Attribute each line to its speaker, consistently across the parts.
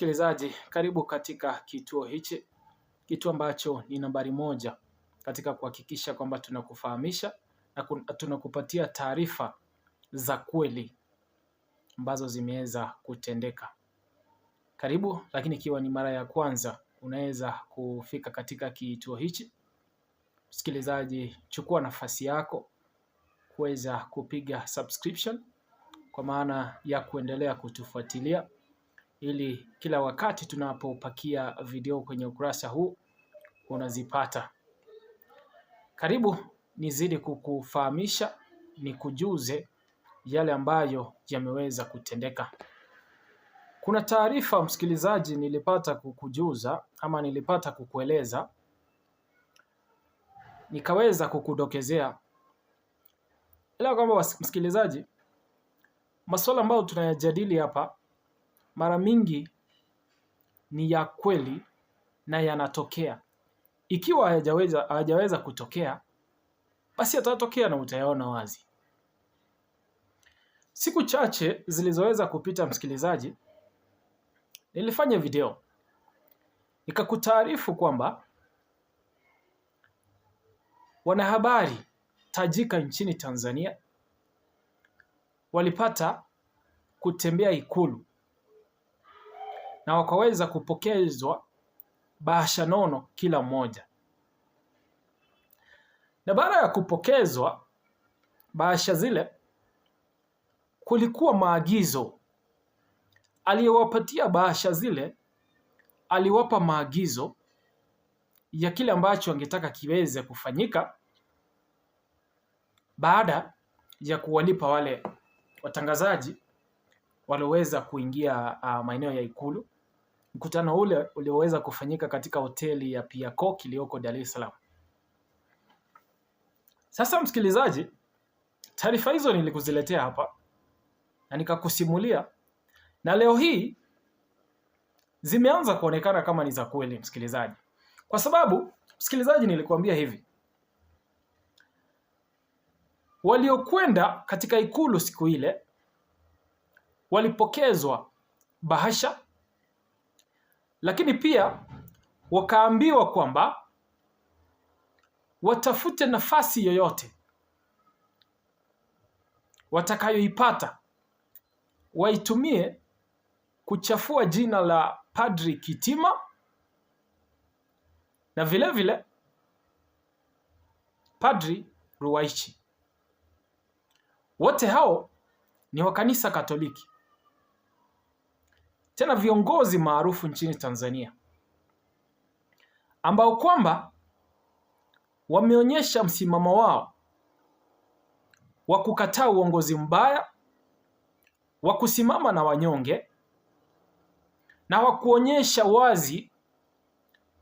Speaker 1: Msikilizaji, karibu katika kituo hichi, kituo ambacho ni nambari moja katika kuhakikisha kwamba tunakufahamisha na tunakupatia taarifa za kweli ambazo zimeweza kutendeka. Karibu, lakini ikiwa ni mara ya kwanza unaweza kufika katika kituo hichi, msikilizaji, chukua nafasi yako kuweza kupiga subscription kwa maana ya kuendelea kutufuatilia ili kila wakati tunapopakia video kwenye ukurasa huu unazipata. Karibu nizidi kukufahamisha, nikujuze yale ambayo yameweza kutendeka. Kuna taarifa msikilizaji, nilipata kukujuza ama nilipata kukueleza, nikaweza kukudokezea, ila kwamba msikilizaji, masuala ambayo tunayajadili hapa mara mingi ni ya kweli na yanatokea. Ikiwa hayajaweza hayajaweza kutokea, basi yatatokea na utayaona wazi. Siku chache zilizoweza kupita, msikilizaji, nilifanya video nikakutaarifu kwamba wanahabari tajika nchini Tanzania walipata kutembea Ikulu na wakaweza kupokezwa bahasha nono kila mmoja. Na baada ya kupokezwa bahasha zile, kulikuwa maagizo aliyewapatia bahasha zile, aliwapa maagizo ya kile ambacho angetaka kiweze kufanyika baada ya kuwalipa wale watangazaji walioweza kuingia uh, maeneo ya Ikulu. Mkutano ule ulioweza kufanyika katika hoteli ya Piakok iliyoko Dar es Salaam. Sasa msikilizaji, taarifa hizo nilikuziletea hapa na nikakusimulia, na leo hii zimeanza kuonekana kama ni za kweli, msikilizaji, kwa sababu msikilizaji, nilikuambia hivi waliokwenda katika Ikulu siku ile walipokezwa bahasha, lakini pia wakaambiwa kwamba watafute nafasi yoyote watakayoipata waitumie kuchafua jina la Padri Kitima na vile vile Padri Ruwaichi. Wote hao ni wa kanisa Katoliki tena viongozi maarufu nchini Tanzania ambao kwamba wameonyesha msimamo wao wa kukataa uongozi mbaya, wa kusimama na wanyonge na wa kuonyesha wazi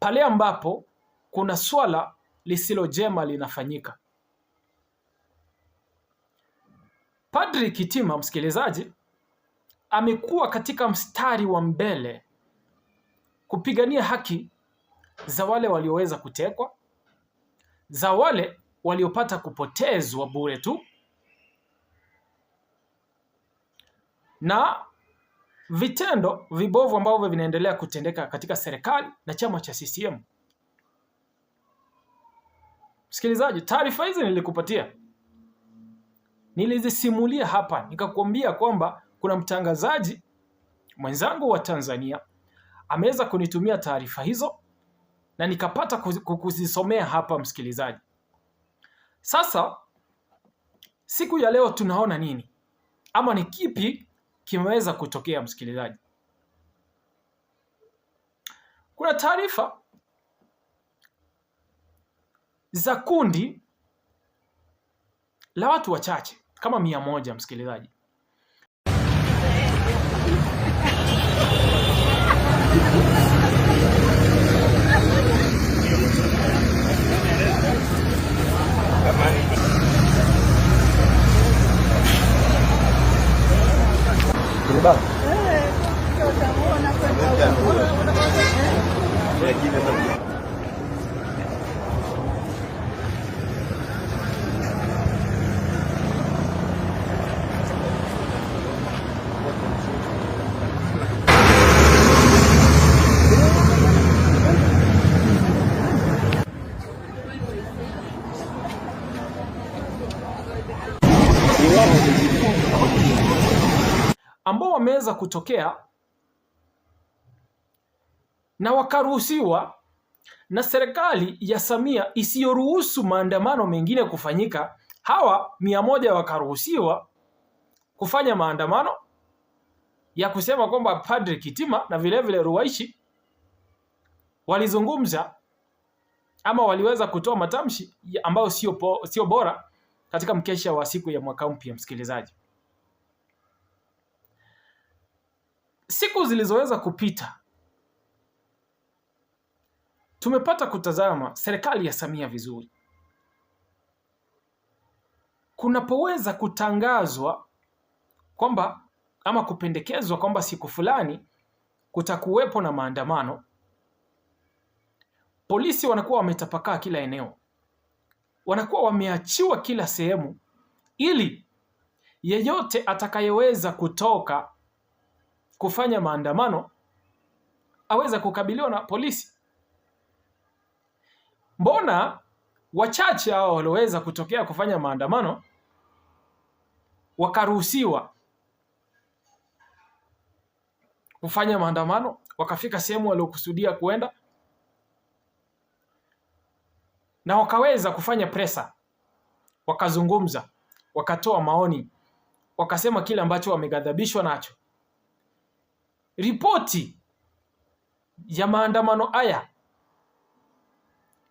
Speaker 1: pale ambapo kuna swala lisilo jema linafanyika. Padri Kitima, msikilizaji, amekuwa katika mstari wa mbele kupigania haki za wale walioweza kutekwa, za wale waliopata kupotezwa bure tu na vitendo vibovu ambavyo vinaendelea kutendeka katika serikali na chama cha CCM. Msikilizaji, taarifa hizi nilikupatia, nilizisimulia hapa, nikakuambia kwamba kuna mtangazaji mwenzangu wa Tanzania ameweza kunitumia taarifa hizo na nikapata kuzisomea hapa msikilizaji. Sasa siku ya leo tunaona nini ama ni kipi kimeweza kutokea msikilizaji? Kuna taarifa za kundi la watu wachache kama mia moja msikilizaji ambao wameweza kutokea na wakaruhusiwa na serikali ya Samia isiyoruhusu maandamano mengine kufanyika, hawa mia moja wakaruhusiwa kufanya maandamano ya kusema kwamba Padre Kitima na vilevile Ruwaishi walizungumza ama waliweza kutoa matamshi ambayo sio sio bora katika mkesha wa siku ya mwaka mpya. Msikilizaji, Siku zilizoweza kupita tumepata kutazama serikali ya Samia vizuri. Kunapoweza kutangazwa kwamba ama kupendekezwa kwamba siku fulani kutakuwepo na maandamano, polisi wanakuwa wametapakaa kila eneo, wanakuwa wameachiwa kila sehemu, ili yeyote atakayeweza kutoka kufanya maandamano aweza kukabiliwa na polisi. Mbona wachache hao walioweza kutokea kufanya maandamano wakaruhusiwa kufanya maandamano, wakafika sehemu waliokusudia kuenda na wakaweza kufanya presa, wakazungumza, wakatoa maoni, wakasema kile ambacho wameghadhabishwa nacho. Ripoti ya maandamano haya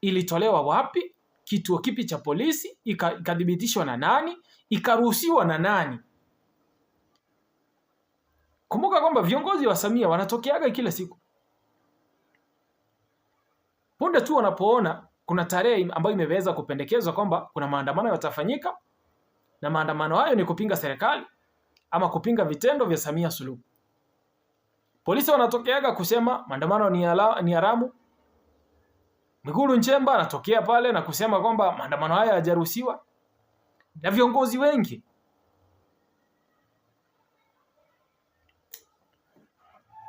Speaker 1: ilitolewa wapi? Kituo kipi cha polisi? Ikadhibitishwa na nani? Ikaruhusiwa na nani? Kumbuka kwamba viongozi wa Samia wanatokeaga kila siku. Punde tu wanapoona kuna tarehe ambayo imeweza kupendekezwa kwamba kuna maandamano yatafanyika, na maandamano hayo ni kupinga serikali ama kupinga vitendo vya Samia Suluhu Polisi wanatokeaga kusema maandamano ni, ala, ni haramu. Mwigulu Nchemba anatokea pale na kusema kwamba maandamano haya hayajaruhusiwa na viongozi wengi.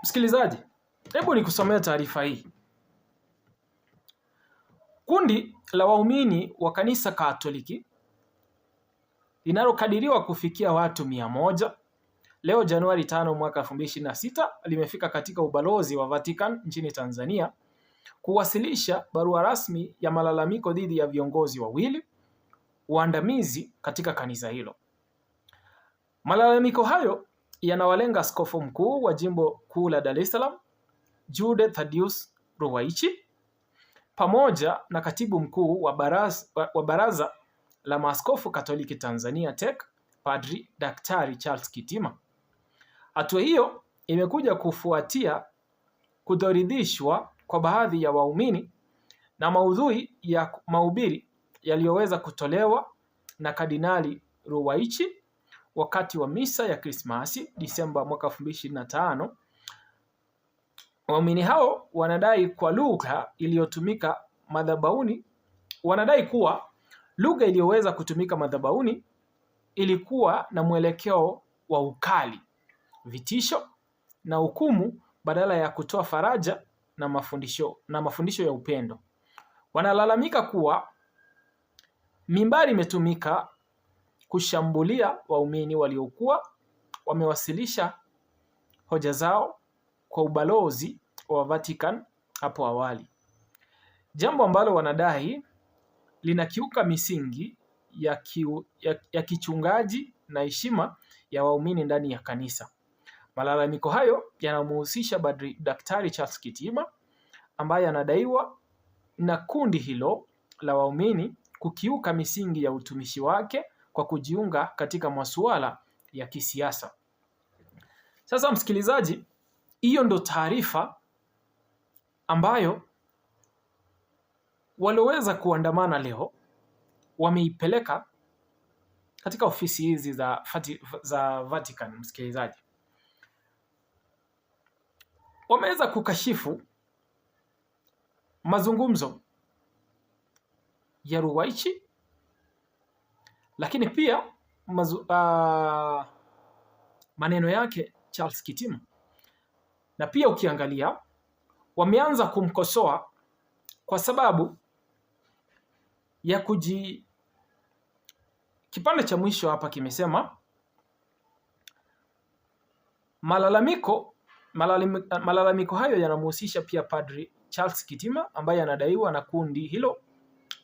Speaker 1: Msikilizaji, hebu nikusomee taarifa hii. Kundi la waumini wa kanisa Katoliki linalokadiriwa kufikia watu mia moja Leo Januari 5 mwaka 2026 limefika katika ubalozi wa Vatican nchini Tanzania kuwasilisha barua rasmi ya malalamiko dhidi ya viongozi wawili waandamizi katika kanisa hilo. Malalamiko hayo yanawalenga askofu mkuu wa jimbo kuu la Dar es Salaam Jude Thaddeus Ruwaichi pamoja na katibu mkuu wa baraza, wa baraza la maaskofu Katoliki Tanzania TEC Padri Daktari Charles Kitima. Hatua hiyo imekuja kufuatia kutoridhishwa kwa baadhi ya waumini na maudhui ya mahubiri yaliyoweza kutolewa na Kardinali Ruwaichi wakati wa misa ya Krismasi Disemba mwaka 2025. Waumini hao wanadai kwa lugha iliyotumika madhabauni, wanadai kuwa lugha iliyoweza kutumika madhabauni ilikuwa na mwelekeo wa ukali vitisho na hukumu badala ya kutoa faraja na mafundisho, na mafundisho ya upendo. Wanalalamika kuwa mimbari imetumika kushambulia waumini waliokuwa wamewasilisha hoja zao kwa ubalozi wa Vatican hapo awali, jambo ambalo wanadai linakiuka misingi ya, ki, ya, ya kichungaji na heshima ya waumini ndani ya kanisa. Malalamiko hayo yanamhusisha Daktari Charles Kitima ambaye anadaiwa na kundi hilo la waumini kukiuka misingi ya utumishi wake kwa kujiunga katika masuala ya kisiasa. Sasa msikilizaji, hiyo ndo taarifa ambayo walioweza kuandamana leo wameipeleka katika ofisi hizi za, za Vatican msikilizaji wameweza kukashifu mazungumzo ya Ruwaichi, lakini pia mazu, uh, maneno yake Charles Kitima, na pia ukiangalia wameanza kumkosoa kwa sababu ya kuji kipande cha mwisho hapa kimesema malalamiko Malalamiko hayo yanamhusisha pia Padri Charles Kitima ambaye anadaiwa na kundi hilo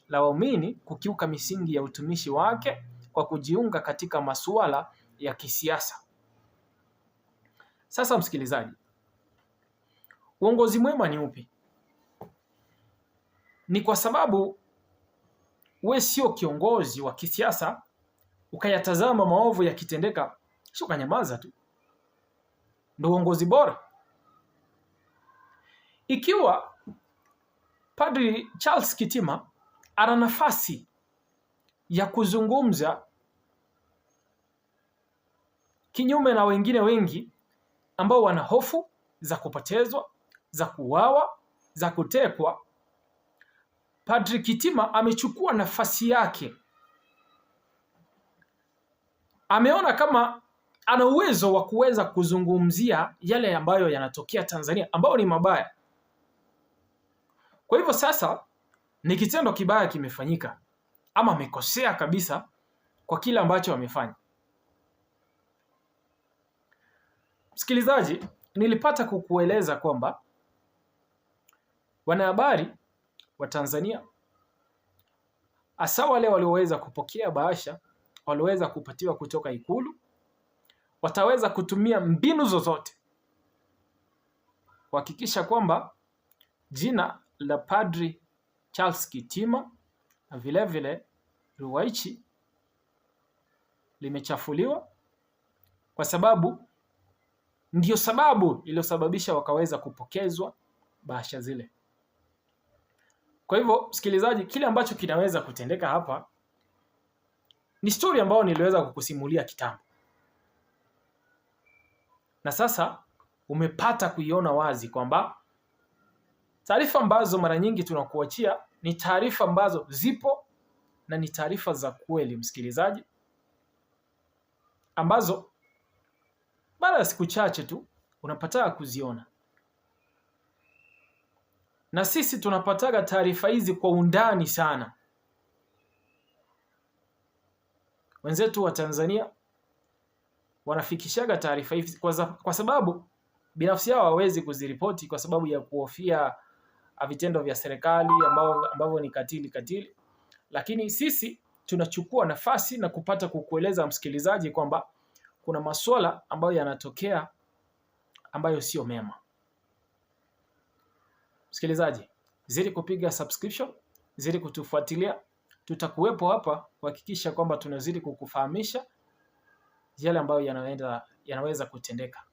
Speaker 1: la waumini kukiuka misingi ya utumishi wake kwa kujiunga katika masuala ya kisiasa. Sasa msikilizaji, uongozi mwema ni upi? Ni kwa sababu we sio kiongozi wa kisiasa ukayatazama maovu yakitendeka, sio ukanyamaza tu. Ndio uongozi bora. Ikiwa Padri Charles Kitima ana nafasi ya kuzungumza kinyume na wengine wengi ambao wana hofu za kupotezwa, za kuuawa, za kutekwa, Padri Kitima amechukua nafasi yake. Ameona kama ana uwezo wa kuweza kuzungumzia yale ambayo yanatokea Tanzania ambayo ni mabaya. Kwa hivyo sasa ni kitendo kibaya kimefanyika, ama amekosea kabisa kwa kile ambacho amefanya. Msikilizaji, nilipata kukueleza kwamba wanahabari wa Tanzania hasa wale walioweza kupokea bahasha walioweza kupatiwa kutoka Ikulu wataweza kutumia mbinu zozote kuhakikisha kwamba jina la Padri Charles Kitima na vile vile Ruwaichi limechafuliwa kwa sababu ndiyo sababu iliyosababisha wakaweza kupokezwa bahasha zile. Kwa hivyo, msikilizaji, kile ambacho kinaweza kutendeka hapa ni stori ambayo niliweza kukusimulia kitambo, na sasa umepata kuiona wazi kwamba Taarifa ambazo mara nyingi tunakuachia ni taarifa ambazo zipo na ni taarifa za kweli, msikilizaji, ambazo baada ya siku chache tu unapataka kuziona, na sisi tunapataga taarifa hizi kwa undani sana. Wenzetu wa Tanzania wanafikishaga taarifa hizi kwa, kwa sababu binafsi yao hawawezi kuziripoti kwa sababu ya kuhofia vitendo vya serikali ambavyo, ambavyo ni katili katili, lakini sisi tunachukua nafasi na kupata kukueleza msikilizaji kwamba kuna masuala ambayo yanatokea ambayo sio mema. Msikilizaji, zidi kupiga subscription, zidi kutufuatilia. Tutakuwepo hapa kuhakikisha kwamba tunazidi kukufahamisha yale ambayo yanaenda yanaweza kutendeka.